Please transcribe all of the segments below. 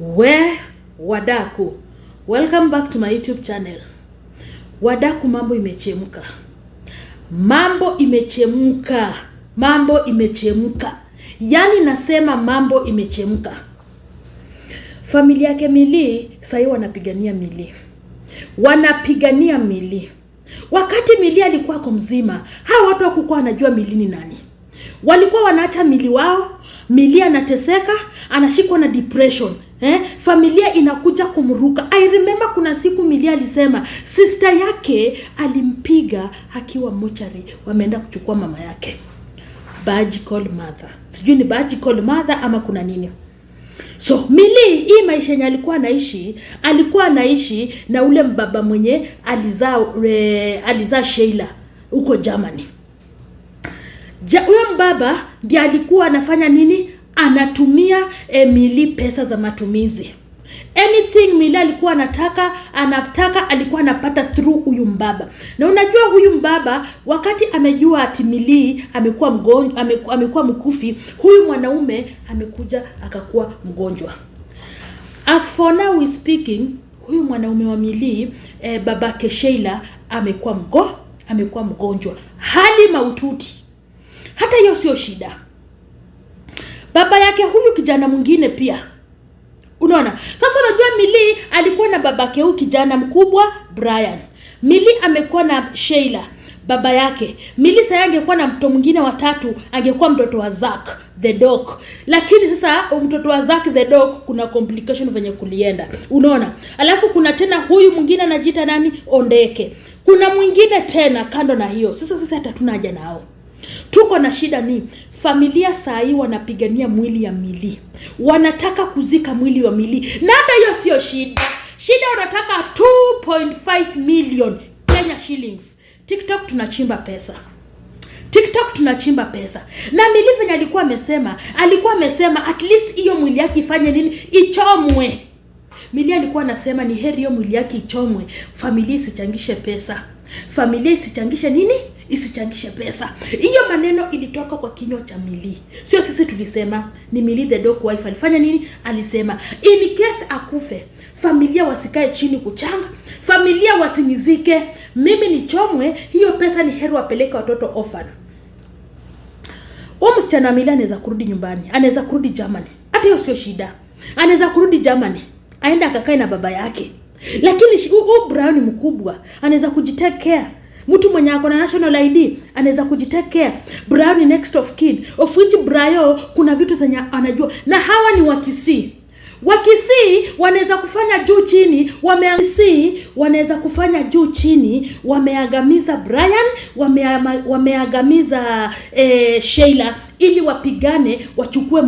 We wadaku, welcome back to my YouTube channel. Wadaku, mambo imechemka, mambo imechemka, mambo imechemka, yaani nasema mambo imechemka. Familia yake mili sahii wanapigania mili wanapigania mili Wakati mili alikuwa ko mzima, hawa watu hawakuwa wanajua mili ni nani. Walikuwa wanaacha mili wao, mili anateseka, anashikwa na depression Eh, familia inakuja kumruka. I remember kuna siku Milia alisema sister yake alimpiga akiwa mochari, wameenda kuchukua mama yake. call mother. Sijui ni call mother ama kuna nini. So Mili hii maisha yenye alikuwa anaishi, alikuwa anaishi na ule mbaba mwenye alizaa alizaa Sheila huko Germany. Ja, huyo mbaba ndiye alikuwa anafanya nini? anatumia Emily eh, pesa za matumizi. Anything Mili alikuwa anataka anataka alikuwa anapata through huyu mbaba. Na unajua huyu mbaba wakati amejua ati Mili amekuwa mgonjwa, amekuwa mkufi, huyu mwanaume amekuja akakuwa mgonjwa. As for now we speaking, huyu mwanaume wa Mili eh, babake Sheila amekuwa mgo amekuwa mgonjwa hali maututi. Hata hiyo sio shida baba yake huyu kijana mwingine pia. Unaona, sasa unajua Mili alikuwa na babake huyu kijana mkubwa Brian. Mili amekuwa na Sheila baba yake. Mili sasa angekuwa na mtoto mwingine wa tatu, angekuwa mtoto wa Zack the dog. Lakini sasa mtoto wa Zack the dog kuna complication venye kulienda, unaona. Alafu kuna tena huyu mwingine anajiita nani, Ondeke. Kuna mwingine tena kando na hiyo. Sasa sasa hata tuna haja nao, tuko na shida ni Familia saa hii wanapigania mwili ya mili wanataka kuzika mwili wa mili na hata hiyo sio shida. Shida unataka 2.5 million Kenya shillings. TikTok tunachimba pesa TikTok tunachimba pesa. Na Milii venye alikuwa amesema, alikuwa amesema at least hiyo mwili yake ifanye nini? Ichomwe. Milii alikuwa anasema ni heri hiyo mwili yake ichomwe, familia isichangishe pesa, familia isichangishe nini isichangishe pesa. Hiyo maneno ilitoka kwa kinywa cha Milii, sio sisi tulisema. Ni Milii the dog wife alifanya nini? Alisema in case akufe, familia wasikae chini kuchanga, familia wasinizike, mimi nichomwe, hiyo pesa ni heri wapeleke watoto orphan. Huyu msichana Milii anaweza kurudi nyumbani, anaweza kurudi Germany, hata hiyo sio shida. Anaweza kurudi Germany aende akakae na baba yake, lakini huyu Brown mkubwa anaweza kujitake care Mtu mwenye ako na national ID anaweza kujitekea. Brown next of kin, of which kuna vitu zenye anajua na hawa ni wa Kisii. Wakisii wanaweza kufanya juu chini, wameasi wanaweza kufanya juu chini, wameagamiza Brian, wame, wameagamiza eh, Sheila ili wapigane wachukue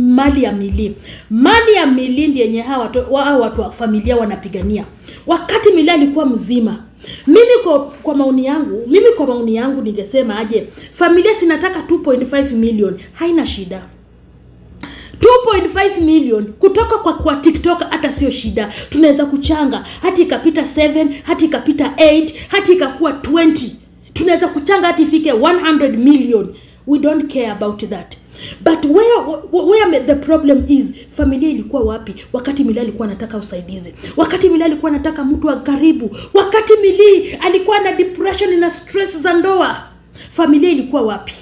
mali ya mili Mali ya mili ndiye yenye hawa watu wa, watu wa familia wanapigania, wakati mili alikuwa mzima. Mimi kwa, kwa maoni yangu mimi kwa maoni yangu ningesema aje, familia sinataka 2.5 million, haina shida 2.5 million kutoka kwa, kwa TikTok hata sio shida, tunaweza kuchanga hata ikapita 7 hata ikapita 8 hata ikakuwa 20, tunaweza kuchanga hata ifike 100 million. We don't care about that but where, where the problem is, familia ilikuwa wapi wakati Milii alikuwa anataka usaidizi, wakati Milii alikuwa anataka mtu wa karibu, wakati Milii alikuwa na depression na stress za ndoa, familia ilikuwa wapi?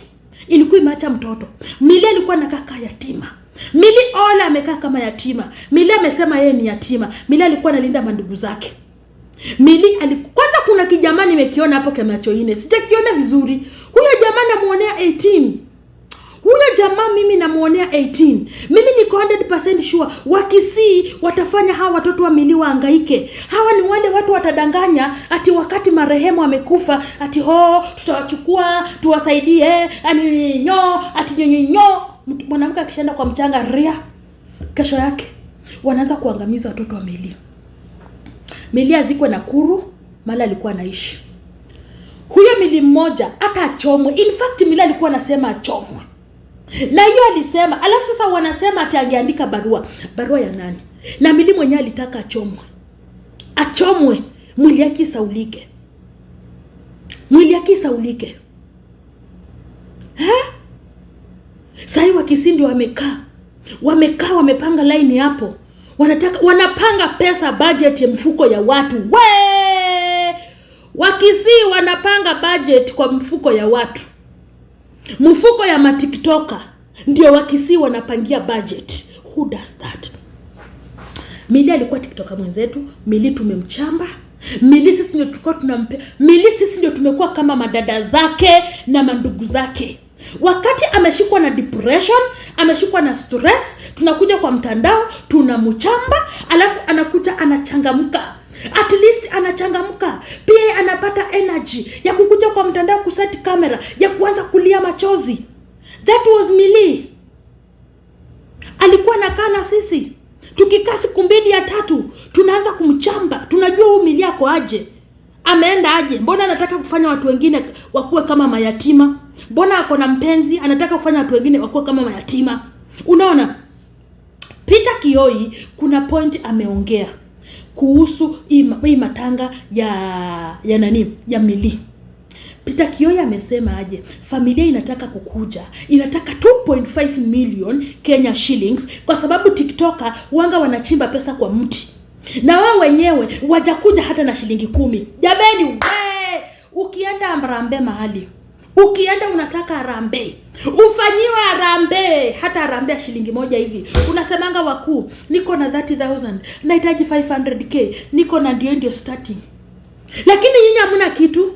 Ilikuwa imeacha mtoto. Milii alikuwa anakaa yatima mili Ola amekaa kama yatima. mili amesema yeye ni yatima. mili alikuwa analinda mandugu zake. Milly alikuwa kwanza, kuna kijamani nimekiona hapo kemacho ine, sijakiona vizuri. Huyo jamaa namuonea 18. Huyo jamaa mimi namuonea 18. Mimi niko 100% sure wakisii watafanya hawa watoto wa mili waangaike. Hawa ni wale watu watadanganya ati wakati marehemu amekufa ati ho tutawachukua tuwasaidie ani nyo ati nyo mwanamke akishaenda kwa mchanga ria, kesho yake wanaanza kuangamiza watoto wa Melia. Melia na Nakuru mala alikuwa anaishi huyo mili mmoja hata achomwe. In fact mili alikuwa anasema achomwe, na hiyo alisema. Alafu sasa wanasema ati angeandika barua, barua ya nani? Na mili mwenyewe alitaka achomwe, achomwe, mwili yake isaulike, mwili yake isaulike, eh Sahii Wakisii ndio wamekaa wamekaa wamepanga laini hapo, wanataka wanapanga pesa budget ya mfuko ya watu we. Wakisii wanapanga budget kwa mfuko ya watu, mfuko ya matiktoka ndio Wakisii wanapangia budget. Who does that? Mili alikuwa tiktoka mwenzetu. Mili tumemchamba Mili, sisi ndio tulikuwa tunampea Mili, sisi ndio tumekuwa kama madada zake na mandugu zake. Wakati ameshikwa na depression, ameshikwa na stress, tunakuja kwa mtandao tunamchamba, alafu anakuja anachangamka at least anachangamka pia, anapata energy ya kukuja kwa mtandao kuset kamera ya kuanza kulia machozi. That was Milly, alikuwa nakaa na sisi tukikaa siku mbili ya tatu, tunaanza kumchamba, tunajua huyu mili ako aje, ameenda aje, mbona anataka kufanya watu wengine wakuwe kama mayatima mbona ako na mpenzi, anataka kufanya watu wengine wakuwa kama mayatima. Unaona, Peter Kioi kuna point ameongea kuhusu hii matanga ya ya nani ya mili Peter Kioi amesema aje, familia inataka kukuja, inataka 2.5 million Kenya shillings kwa sababu TikToker wanga wanachimba pesa kwa mti na wao wenyewe wajakuja hata na shilingi kumi. jabeni ukienda Mrambe mahali Ukienda unataka arambe, ufanyiwe arambe, hata arambe ya shilingi moja hivi. Unasemanga wakuu, niko na 30000 nahitaji 500k, niko na ndio ndio starting, lakini nyinyi hamna kitu,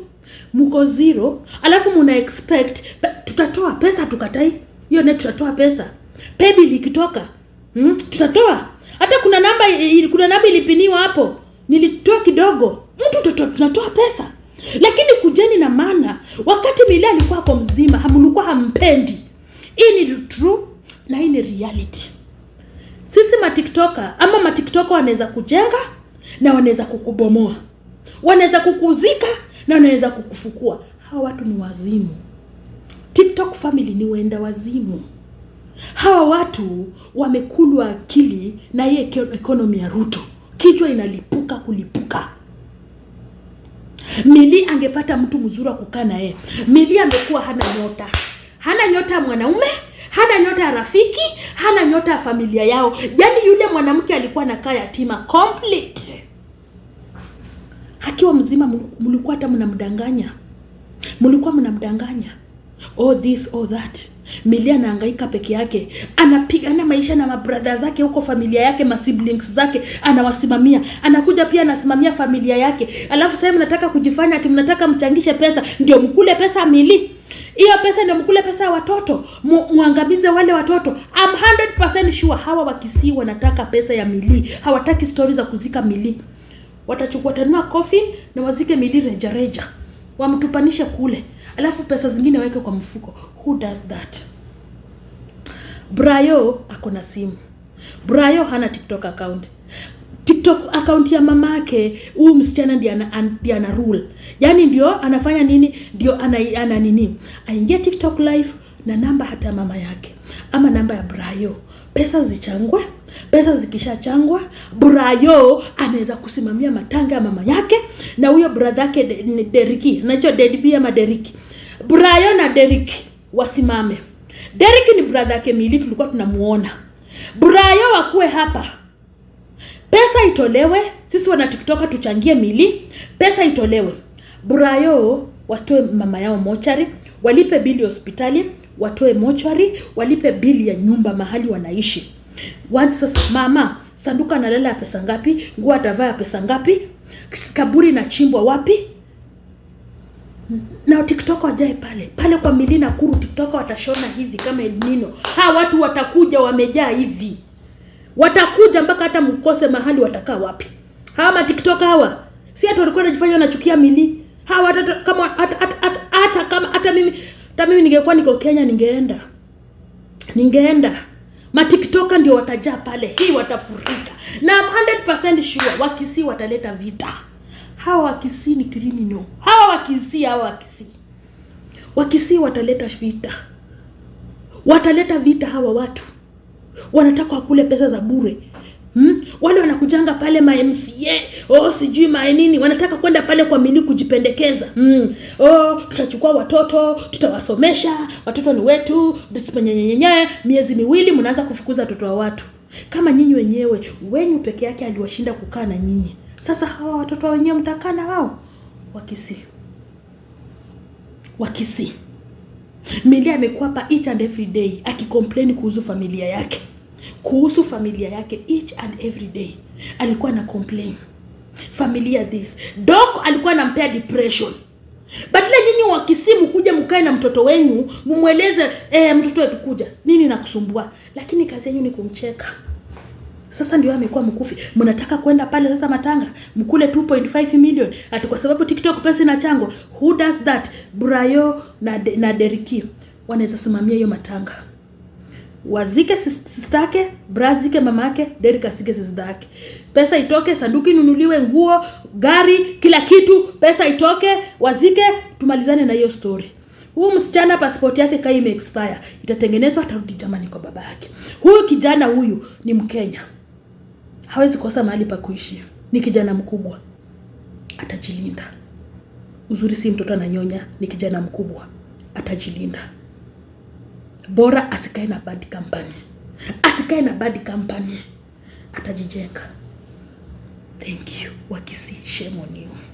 mko zero, alafu muna expect tutatoa pesa tukatai hiyo ne, tutatoa pesa pebi likitoka, hmm? tutatoa hata kuna namba, kuna namba ilipiniwa hapo, nilitoa kidogo mtu, tunatoa pesa lakini kujeni na maana, wakati Biblia alikuwa ako mzima, hamlikuwa hampendi. Hii ni true na hii ni reality. Sisi matiktoka ama matiktoka wanaweza kujenga na wanaweza kukubomoa, wanaweza kukuzika na wanaweza kukufukua. Hawa watu ni wazimu. TikTok family ni wenda wazimu. Hawa watu wamekulwa akili na hii ekonomi ya Ruto, kichwa inalipuka kulipuka. Mili angepata mtu mzuri wa kukaa naye. Mili amekuwa hana nyota, hana nyota ya mwanaume, hana nyota ya rafiki, hana nyota ya familia yao. Yaani yule mwanamke alikuwa anakaa yatima complete. Akiwa mzima, mlikuwa hata mnamdanganya, mlikuwa mnamdanganya all this all that Milia anahangaika peke yake, anapigana maisha na mabradha zake huko, familia yake, masiblings zake anawasimamia, anakuja pia anasimamia familia yake, alafu sasa mnataka kujifanya ati mnataka mchangishe pesa ndio mkule pesa Mili hiyo pesa ndio mkule pesa ya watoto mu, muangamize wale watoto. I'm 100% sure hawa wakisii wanataka pesa ya Mili, hawataki stories za kuzika Mili. Watachukua tanua coffin na wazike Mili rejareja, wamtupanishe kule alafu pesa zingine weke kwa mfuko. Who does that? Brayo ako na simu. Brayo hana TikTok account. TikTok account ya mamake huyu msichana ndiye ana, ndiye ana rule. Yaani ndio anafanya nini? Ndio ana, ana nini? Aingia TikTok live na namba hata mama yake ama namba ya Brayo. Pesa zichangwe Pesa zikishachangwa, Burayo anaweza kusimamia matanga ya mama yake na huyo brother yake Deriki, anaitwa Dedby ama Deriki. Burayo na Deriki wasimame. Deriki ni brother yake Mili, tulikuwa tunamuona. Burayo wakuwe hapa, pesa itolewe. Sisi wana TikToka tuchangie Mili, pesa itolewe. Burayo watoe mama yao mochari, walipe bili hospitali, watoe mochari, walipe bili ya nyumba mahali wanaishi. Wanzi sasa, mama sanduka analala ya pesa ngapi? Nguo atavaa ya pesa ngapi? Kaburi nachimbwa wapi? Na TikTok wajae pale pale kwa na Kuru, TikTok watashona hivi kama El Nino. Ha, watu watakuja wamejaa hivi, watakuja mpaka hata mkose mahali watakaa wapi. Hawa ma TikTok hawa si hata walikuwa wanajifanya wanachukia mili hawa, hata kama hata hata kama hata mimi hata mimi ningekuwa niko Kenya, ningeenda ningeenda Matiktoka ndio watajaa pale, hii watafurika, na I'm 100% sure wakisi wataleta vita. Hawa wakisi ni criminal, hawa wakisi, hawa wakisi, wakisi wataleta vita, wataleta vita. Hawa watu wanataka wakule pesa za bure, hmm? Wale wanakujanga pale ma MCA oh sijui mainini, wanataka kwenda pale kwa mili kujipendekeza mm. oh tutachukua watoto tutawasomesha, watoto ni wetu, tusipanyenyenye. Miezi miwili mnaanza kufukuza watoto wa watu kama nyinyi wenyewe. Wenyu peke yake aliwashinda kukaa na nyinyi, sasa hawa watoto wenyewe mtakaa na wao wakisi wakisi Milia amekuwa hapa each and every day akicomplain kuhusu familia yake, kuhusu familia yake each and every day alikuwa na complain familia this. Doko alikuwa anampea depression badala nyinyi wakisimu kuja mkae na mtoto wenyu mumweleze, eh, mtoto wetu kuja nini nakusumbua, lakini kazi yenyu ni kumcheka. Sasa ndio amekuwa mkufi. Mnataka kwenda pale sasa matanga mkule 2.5 million ati kwa sababu TikTok pesa chango. Who does that? Brayo na, de, na Deriki wanaweza simamia hiyo matanga wazike sistake, brazike mamake, deri kasike sistake, pesa itoke, sanduku inunuliwe, nguo, gari, kila kitu, pesa itoke, wazike, tumalizane na hiyo story. Huyu msichana passport yake kai ime expire, itatengenezwa, atarudi jamani kwa baba yake. Huyu kijana huyu ni Mkenya, hawezi kosa mahali pa kuishi, ni kijana mkubwa, atajilinda. Uzuri si mtoto ananyonya, ni kijana mkubwa, atajilinda bora asikae na bad company, asikae na bad company, atajijenga. Thank you. Wakisi, shame on you.